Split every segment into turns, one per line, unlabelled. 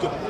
good.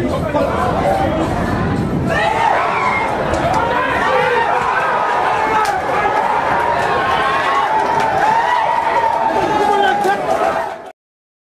Come on.